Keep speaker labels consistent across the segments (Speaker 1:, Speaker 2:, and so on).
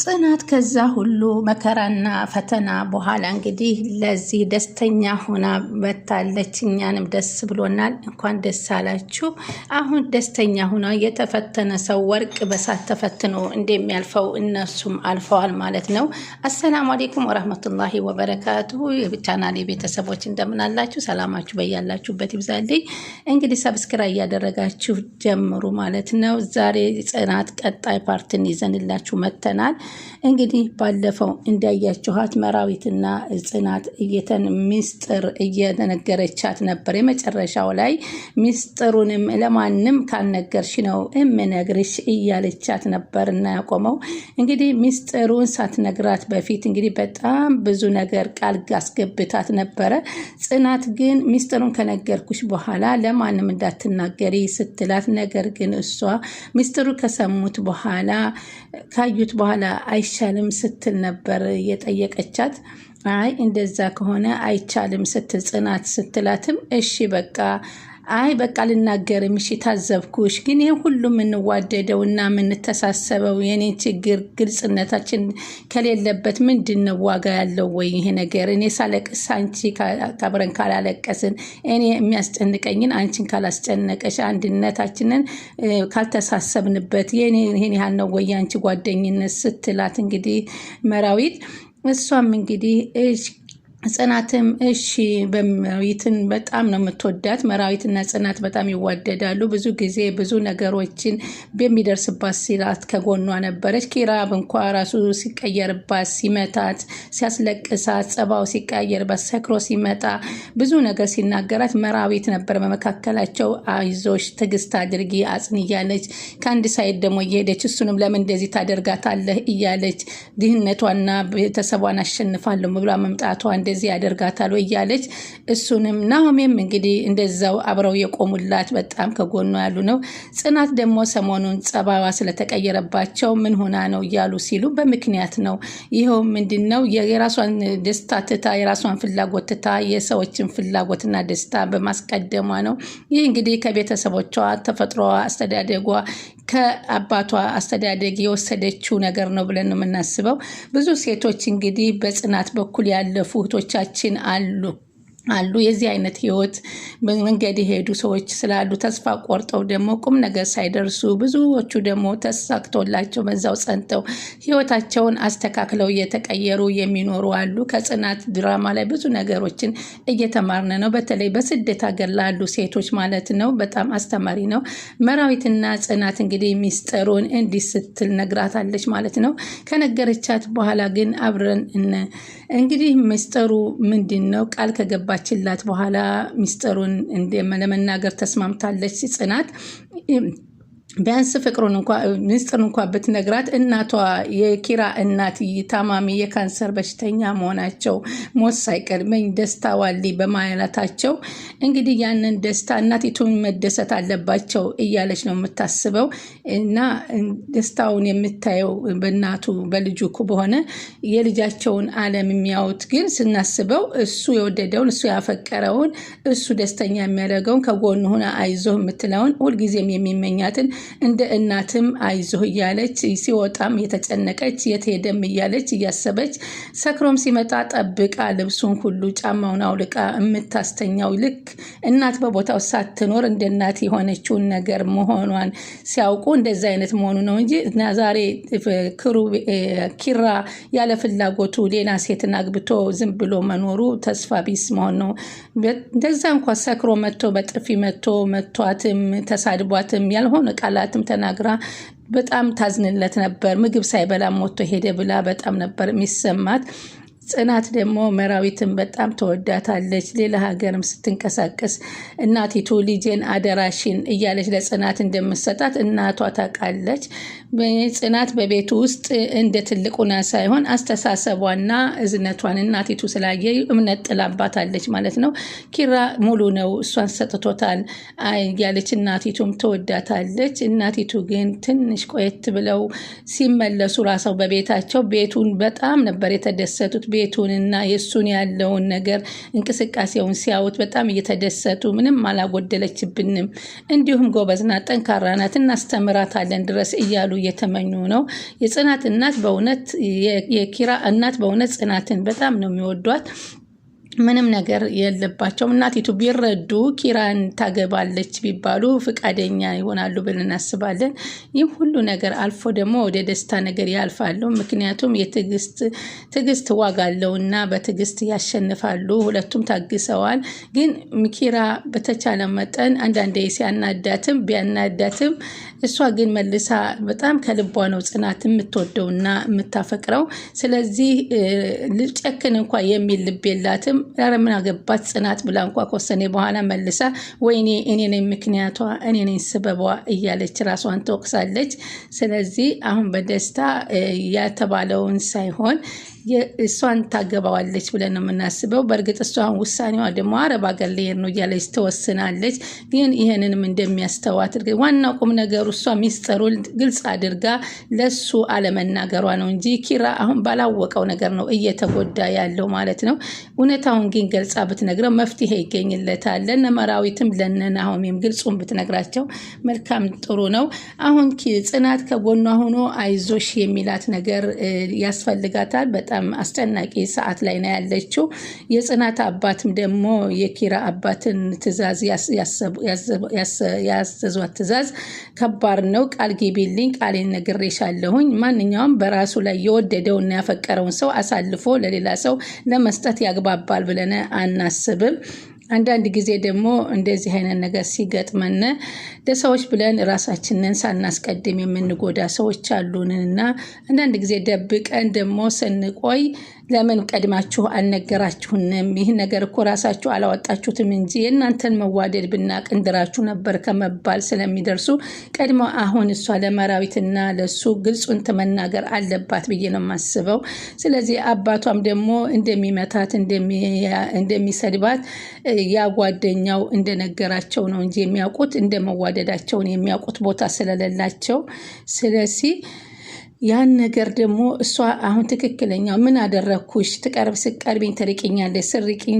Speaker 1: ጽናት ከዛ ሁሉ መከራና ፈተና በኋላ እንግዲህ ለዚህ ደስተኛ ሆና መታለች። እኛንም ደስ ብሎናል። እንኳን ደስ አላችሁ። አሁን ደስተኛ ሆና የተፈተነ ሰው ወርቅ በሳት ተፈትኖ እንደሚያልፈው እነሱም አልፈዋል ማለት ነው። አሰላሙ አሌይኩም ወረህመቱላሂ ወበረካቱ። የቻናሌ ቤተሰቦች እንደምናላችሁ ሰላማችሁ በያላችሁበት ይብዛልኝ። እንግዲህ ሰብስክራ እያደረጋችሁ ጀምሩ ማለት ነው። ዛሬ ጽናት ቀጣይ ፓርትን ይዘንላችሁ መተናል። ይሆናል። እንግዲህ ባለፈው እንዳያችኋት መራዊትና ጽናት እየተን ሚስጥር እየነገረቻት ነበር። የመጨረሻው ላይ ሚስጥሩንም ለማንም ካልነገርሽ ነው እምነግርሽ እያለቻት ነበር እና ያቆመው እንግዲህ ሚስጥሩን ሳትነግራት በፊት እንግዲህ በጣም ብዙ ነገር ቃል አስገብታት ነበረ። ጽናት ግን ሚስጥሩን ከነገርኩሽ በኋላ ለማንም እንዳትናገሪ ስትላት ነገር ግን እሷ ሚስጥሩ ከሰሙት በኋላ ካዩት በኋላ በኋላ አይቻልም ስትል ነበር የጠየቀቻት። አይ እንደዛ ከሆነ አይቻልም ስትል ጽናት ስትላትም እሺ በቃ አይ በቃ ልናገርም፣ እሺ ታዘብኩሽ። ግን ይህ ሁሉ የምንዋደደው እና የምንተሳሰበው የኔ ችግር ግልጽነታችን ከሌለበት ምንድን ነው ዋጋ ያለው ወይ ይሄ ነገር? እኔ ሳለቅስ አንቺ ከብረን ካላለቀስን፣ እኔ የሚያስጨንቀኝን አንቺን ካላስጨነቀሽ፣ አንድነታችንን ካልተሳሰብንበት ይህን ያህል ነው ወይ አንቺ ጓደኝነት ስትላት እንግዲህ መራዊት እሷም እንግዲህ ጽናትም እሺ መራዊትን በጣም ነው የምትወዳት። መራዊትና ጽናት በጣም ይዋደዳሉ። ብዙ ጊዜ ብዙ ነገሮችን በሚደርስባት ሲላት ከጎኗ ነበረች። ኪራብ እንኳ ራሱ ሲቀየርባት፣ ሲመታት፣ ሲያስለቅሳት፣ ጸባው ሲቀየርባት፣ ሰክሮ ሲመጣ ብዙ ነገር ሲናገራት መራዊት ነበር በመካከላቸው አይዞሽ፣ ትዕግስት አድርጊ፣ አጽን እያለች ከአንድ ሳይድ ደግሞ እየሄደች እሱንም ለምን እንደዚህ ታደርጋታለህ እያለች ድህነቷና ቤተሰቧን አሸንፋለሁ ብሏ መምጣቷ እንደ እንደዚህ ያደርጋታል ወይ እያለች እሱንም ናሆሜም እንግዲህ እንደዛው አብረው የቆሙላት በጣም ከጎኗ ያሉ ነው። ጽናት ደግሞ ሰሞኑን ጸባዋ ስለተቀየረባቸው ምን ሆና ነው እያሉ ሲሉ በምክንያት ነው። ይኸው ምንድን ነው የራሷን ደስታ ትታ የራሷን ፍላጎት ትታ የሰዎችን ፍላጎትና ደስታ በማስቀደሟ ነው። ይህ እንግዲህ ከቤተሰቦቿ ተፈጥሮዋ፣ አስተዳደጓ ከአባቷ አስተዳደግ የወሰደችው ነገር ነው ብለን ነው የምናስበው። ብዙ ሴቶች እንግዲህ በጽናት በኩል ያለፉ እህቶቻችን አሉ። አሉ የዚህ አይነት ህይወት መንገድ የሄዱ ሰዎች ስላሉ ተስፋ ቆርጠው ደግሞ ቁም ነገር ሳይደርሱ ብዙዎቹ ደግሞ ተሳክቶላቸው በዛው ጸንተው ህይወታቸውን አስተካክለው እየተቀየሩ የሚኖሩ አሉ። ከጽናት ድራማ ላይ ብዙ ነገሮችን እየተማርን ነው። በተለይ በስደት ሀገር ላሉ ሴቶች ማለት ነው። በጣም አስተማሪ ነው። መራዊትና ጽናት እንግዲህ ሚስጥሩን እንዲህ ስትል ነግራታለች ማለት ነው። ከነገረቻት በኋላ ግን አብረን እንግዲህ ሚስጥሩ ምንድን ነው ቃል ከገባ ከገባችላት በኋላ ሚስጥሩን እንደ ለመናገር ተስማምታለች ጽናት ቢያንስ ፍቅሩን እንኳ ምስጢር እንኳ ብትነግራት እናቷ የኪራ እናት ታማሚ የካንሰር በሽተኛ መሆናቸው ሞት ሳይቀድመኝ ደስታ ዋሊ በማለታቸው እንግዲህ ያንን ደስታ እናቲቱን መደሰት አለባቸው እያለች ነው የምታስበው እና ደስታውን የምታየው በእናቱ በልጁ በሆነ የልጃቸውን ዓለም የሚያዩት ግን ስናስበው እሱ የወደደውን እሱ ያፈቀረውን እሱ ደስተኛ የሚያደርገውን ከጎኑ ሁና አይዞህ የምትለውን ሁልጊዜም የሚመኛትን እንደ እናትም አይዞህ እያለች ሲወጣም የተጨነቀች የት ሄደም እያለች እያሰበች ሰክሮም ሲመጣ ጠብቃ ልብሱን ሁሉ ጫማውን አውልቃ የምታስተኛው ልክ እናት በቦታው ሳትኖር እንደ እናት የሆነችውን ነገር መሆኗን ሲያውቁ እንደዚ አይነት መሆኑ ነው እንጂ ዛሬ ኪራ ያለ ፍላጎቱ ሌላ ሴትን አግብቶ ዝም ብሎ መኖሩ ተስፋ ቢስ መሆን ነው። እንደዛ እንኳ ሰክሮ መቶ በጥፊ መቶ መቷትም ተሳድቧትም ያልሆነ ቃል ቃላትም ተናግራ በጣም ታዝንለት ነበር። ምግብ ሳይበላ ሞቶ ሄደ ብላ በጣም ነበር የሚሰማት። ጽናት ደግሞ መራዊትን በጣም ተወዳታለች። ሌላ ሀገርም ስትንቀሳቀስ እናቲቱ ልጄን አደራሽን እያለች ለጽናት እንደምሰጣት እናቷ ታውቃለች። ጽናት በቤቱ ውስጥ እንደ ትልቁና ሳይሆን አስተሳሰቧና እዝነቷን እናቲቱ ስላየ እምነት ጥላባታለች ማለት ነው። ኪራ ሙሉ ነው እሷን ሰጥቶታል ያለች እናቲቱም ትወዳታለች። እናቲቱ ግን ትንሽ ቆየት ብለው ሲመለሱ ራሰው በቤታቸው ቤቱን በጣም ነበር የተደሰቱት። ቤቱንና የእሱን ያለውን ነገር እንቅስቃሴውን ሲያዩት በጣም እየተደሰቱ ምንም አላጎደለችብንም፣ እንዲሁም ጎበዝና ጠንካራናት፣ እናስተምራታለን ድረስ እያሉ እየተመኙ ነው። የጽናት እናት በእውነት የኪራ እናት በእውነት ጽናትን በጣም ነው የሚወዷት። ምንም ነገር የለባቸውም። እናቲቱ ቢረዱ ኪራን ታገባለች ቢባሉ ፈቃደኛ ይሆናሉ ብለን እናስባለን። ይህ ሁሉ ነገር አልፎ ደግሞ ወደ ደስታ ነገር ያልፋሉ። ምክንያቱም የትዕግስት ትዕግስት ዋጋ እና በትዕግስት ያሸንፋሉ። ሁለቱም ታግሰዋል። ግን ኪራ በተቻለ መጠን አንዳንዴ ሲያናዳትም ቢያናዳትም እሷ ግን መልሳ በጣም ከልቧ ነው ጽናት የምትወደው ና የምታፈቅረው። ስለዚህ ልጨክን እንኳ የሚል ልብ የላትም። ኧረ ምን አገባት ጽናት ብላ እንኳ ከወሰኔ በኋላ መልሳ ወይኔ እኔ ነኝ ምክንያቷ፣ እኔ ነኝ ስበቧ እያለች ራሷን ትወቅሳለች። ስለዚህ አሁን በደስታ የተባለውን ሳይሆን እሷን ታገባዋለች ብለን ነው የምናስበው። በእርግጥ እሷን ውሳኔዋ ደግሞ አረብ አገር ልሄድ ነው እያለች ትወስናለች። ግን ይህንንም እንደሚያስተዋት ዋናው ቁም ነገሩ እሷ ሚስጥሩን ግልጽ አድርጋ ለሱ አለመናገሯ ነው እንጂ ኪራ አሁን ባላወቀው ነገር ነው እየተጎዳ ያለው ማለት ነው። እውነታውን ግን ገልጻ ብትነግረው መፍትሄ ይገኝለታል። ለነመራዊትም መራዊትም ግልጹን ብትነግራቸው መልካም ጥሩ ነው። አሁን ጽናት ከጎኗ ሆኖ አይዞሽ የሚላት ነገር ያስፈልጋታል በጣም በጣም አስጨናቂ ሰዓት ላይ ነው ያለችው። የጽናት አባትም ደግሞ የኪራ አባትን ትዕዛዝ ያዘዟት ትዕዛዝ ከባድ ነው። ቃል ግቢልኝ፣ ቃሌን ነግሬሻለሁኝ። ማንኛውም በራሱ ላይ የወደደውና ያፈቀረውን ሰው አሳልፎ ለሌላ ሰው ለመስጠት ያግባባል ብለን አናስብም። አንዳንድ ጊዜ ደግሞ እንደዚህ አይነት ነገር ሲገጥመን ለሰዎች ብለን ራሳችንን ሳናስቀድም የምንጎዳ ሰዎች አሉንና አንዳንድ ጊዜ ደብቀን ደግሞ ስንቆይ ለምን ቀድማችሁ አልነገራችሁንም? ይህን ነገር እኮ ራሳችሁ አላወጣችሁትም እንጂ የእናንተን መዋደድ ብናቅ እንድራችሁ ነበር ከመባል ስለሚደርሱ ቀድሞ አሁን እሷ ለመራዊትና ለሱ ግልጹን መናገር አለባት ብዬ ነው የማስበው። ስለዚህ አባቷም ደግሞ እንደሚመታት እንደሚሰድባት ያጓደኛው እንደነገራቸው ነው እንጂ የሚያውቁት እንደ መዋደዳቸውን የሚያውቁት ቦታ ስለሌላቸው ስለዚህ ያን ነገር ደግሞ እሷ አሁን ትክክለኛ ምን አደረግኩሽ? ትቀርብ ስቀርቢኝ ትርቅኛለሽ፣ ስርቅኝ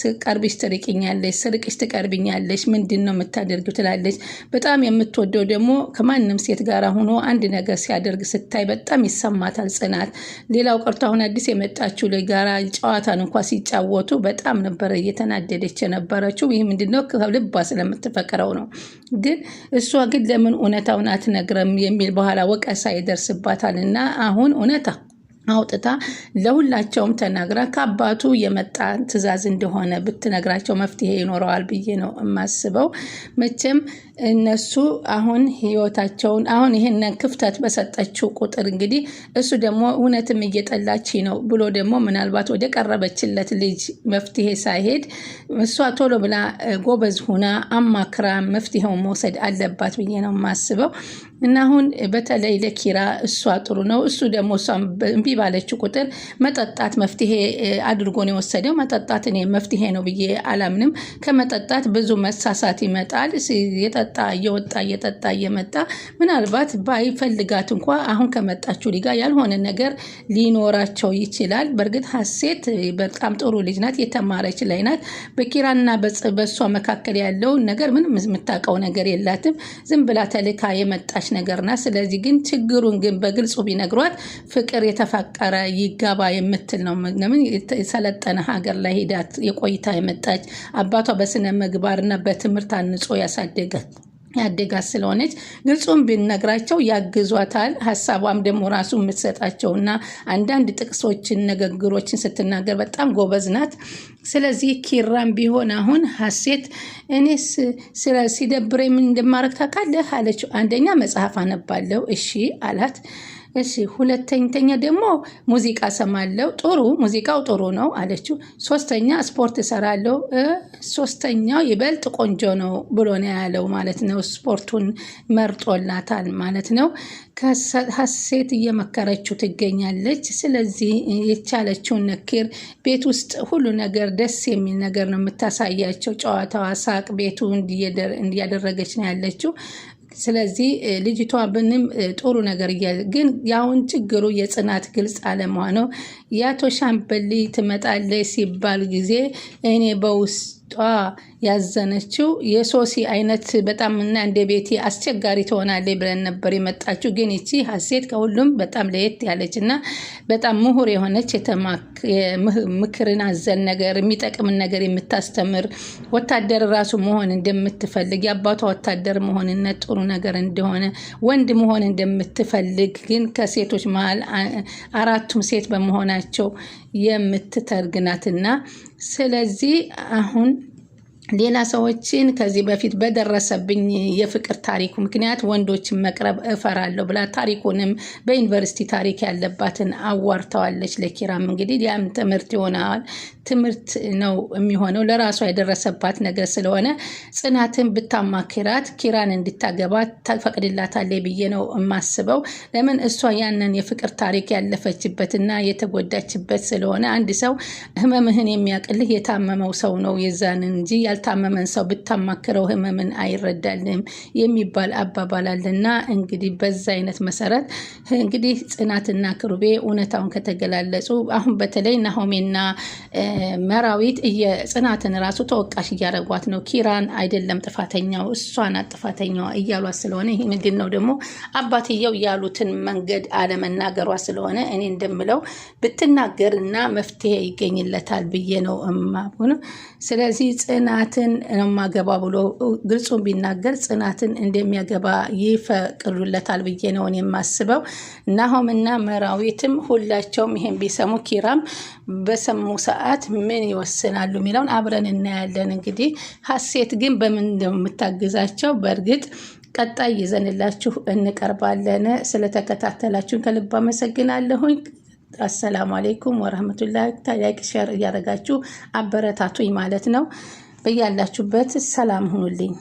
Speaker 1: ስቀርብሽ ትርቅኛለሽ፣ ስርቅሽ ትቀርብኛለሽ፣ ምንድን ነው የምታደርጊው ትላለች። በጣም የምትወደው ደግሞ ከማንም ሴት ጋር ሆኖ አንድ ነገር ሲያደርግ ስታይ በጣም ይሰማታል ጽናት። ሌላው ቀርቶ አሁን አዲስ የመጣችው ጋራ ጨዋታን እንኳ ሲጫወቱ በጣም ነበረ እየተናደደች የነበረችው። ይህ ምንድነው ከልቧ ስለምትፈቅረው ነው። ግን እሷ ግን ለምን እውነታውን አትነግረም የሚል በኋላ ወቀሳ ይደርስባት ብሏታል እና አሁን እውነታ አውጥታ ለሁላቸውም ተናግራ ከአባቱ የመጣ ትዕዛዝ እንደሆነ ብትነግራቸው መፍትሄ ይኖረዋል ብዬ ነው የማስበው። መቼም እነሱ አሁን ህይወታቸውን አሁን ይህንን ክፍተት በሰጠችው ቁጥር እንግዲህ እሱ ደግሞ እውነትም እየጠላች ነው ብሎ ደግሞ ምናልባት ወደ ቀረበችለት ልጅ መፍትሄ ሳይሄድ እሷ ቶሎ ብላ ጎበዝ ሁና አማክራ መፍትሄውን መውሰድ አለባት ብዬ ነው የማስበው። እና አሁን በተለይ ለኪራ እሷ ጥሩ ነው። እሱ ደግሞ እሷ እምቢ ባለችው ቁጥር መጠጣት መፍትሄ አድርጎ ነው የወሰደው። መጠጣት እኔ መፍትሄ ነው ብዬ አላምንም። ከመጠጣት ብዙ መሳሳት ይመጣል። የጠጣ እየወጣ እየጠጣ እየመጣ ምናልባት ባይፈልጋት እንኳ አሁን ከመጣችሁ ሊጋ ያልሆነ ነገር ሊኖራቸው ይችላል። በእርግጥ ሀሴት በጣም ጥሩ ልጅ ናት፣ የተማረች ላይ ናት። በኪራና በእሷ መካከል ያለውን ነገር ምንም የምታውቀው ነገር የላትም። ዝም ብላ ተልካ የመጣች ነገር ናት። ስለዚህ ግን ችግሩን ግን በግልጹ ቢነግሯት ፍቅር የተፋቀረ ይጋባ የምትል ነው። ለምን የሰለጠነ ሀገር ላይ ሄዳት የቆይታ የመጣች አባቷ በስነ ምግባርና በትምህርት አንጾ ያሳደገ ያደጋት ስለሆነች ግልጹን ብነግራቸው ያግዟታል። ሀሳቧም ደግሞ ራሱ የምትሰጣቸውና አንዳንድ ጥቅሶችን፣ ንግግሮችን ስትናገር በጣም ጎበዝ ናት። ስለዚህ ኪራም ቢሆን አሁን ሀሴት እኔ ሲደብረኝ ምን እንደማረግ ታውቃለህ አለችው። አንደኛ መጽሐፍ አነባለሁ እሺ አላት። እሺ ሁለተኛ ደግሞ ሙዚቃ ሰማለው ጥሩ ሙዚቃው ጥሩ ነው አለችው። ሶስተኛ ስፖርት እሰራለሁ ሶስተኛው ይበልጥ ቆንጆ ነው ብሎ ነው ያለው ማለት ነው። ስፖርቱን መርጦላታል ማለት ነው። ከሀሴት እየመከረችው ትገኛለች። ስለዚህ የቻለችውን ነክር ቤት ውስጥ ሁሉ ነገር ደስ የሚል ነገር ነው የምታሳያቸው። ጨዋታዋ፣ ሳቅ ቤቱ እንዲያደረገች ነው ያለችው። ስለዚህ ልጅቷ ብንም ጥሩ ነገር እያለ ግን ያሁን ችግሩ የጽናት ግልጽ አለመሆኑ የአቶ ሻምበል ትመጣለች ሲባል ጊዜ እኔ በውስጥ ቁጣ ያዘነችው የሶሲ አይነት በጣም እና እንደ ቤቲ አስቸጋሪ ትሆናለች ብለን ነበር የመጣችው። ግን ይቺ ሀሴት ከሁሉም በጣም ለየት ያለች እና በጣም ምሁር የሆነች ምክርን አዘል ነገር የሚጠቅምን ነገር የምታስተምር ወታደር ራሱ መሆን እንደምትፈልግ የአባቷ ወታደር መሆንነት ጥሩ ነገር እንደሆነ ወንድ መሆን እንደምትፈልግ ግን ከሴቶች መሀል አራቱም ሴት በመሆናቸው የምትተርግናትና ስለዚህ አሁን ሌላ ሰዎችን ከዚህ በፊት በደረሰብኝ የፍቅር ታሪኩ ምክንያት ወንዶችን መቅረብ እፈራለሁ ብላ ታሪኩንም በዩኒቨርሲቲ ታሪክ ያለባትን አዋርተዋለች። ለኪራም እንግዲህ ያም ትምህርት ይሆናል። ትምህርት ነው የሚሆነው። ለራሷ የደረሰባት ነገር ስለሆነ ጽናትን ብታማክራት ኪራን እንድታገባ ተፈቅድላታለ ብዬ ነው የማስበው። ለምን እሷ ያንን የፍቅር ታሪክ ያለፈችበትና የተጎዳችበት ስለሆነ አንድ ሰው ህመምህን የሚያቅልህ የታመመው ሰው ነው የዛን እንጂ ያልታመመን ሰው ብታማክረው ህመምን አይረዳልም የሚባል አባባል አለና እንግዲህ በዛ አይነት መሰረት እንግዲህ ጽናትና ክሩቤ እውነታውን ከተገላለጹ አሁን በተለይ ናሆሜና መራዊት ጽናትን ራሱ ተወቃሽ እያደረጓት ነው። ኪራን አይደለም ጥፋተኛው እሷ ናት ጥፋተኛዋ እያሏት ስለሆነ ይህ ምንድን ነው ደግሞ አባትየው ያሉትን መንገድ አለመናገሯ ስለሆነ እኔ እንደምለው ብትናገር እና መፍትሄ ይገኝለታል ብዬ ነው እማሆነ። ስለዚህ ጽናትን ነው ማገባ ብሎ ግልጹን ቢናገር ጽናትን እንደሚያገባ ይፈቅዱለታል ብዬ ነው የማስበው። ናሆምና መራዊትም ሁላቸውም ይሄን ቢሰሙ ኪራም በሰሙ ሰዓት አባት ምን ይወስናሉ የሚለውን አብረን እናያለን። እንግዲህ ሀሴት ግን በምን የምታግዛቸው በእርግጥ ቀጣይ ይዘንላችሁ እንቀርባለን። ስለተከታተላችሁን ከልብ አመሰግናለሁኝ። አሰላሙ አሌይኩም ወረህመቱላሂ ታላቅ ሸር እያደረጋችሁ አበረታቱኝ ማለት ነው። በያላችሁበት ሰላም ሁኑልኝ።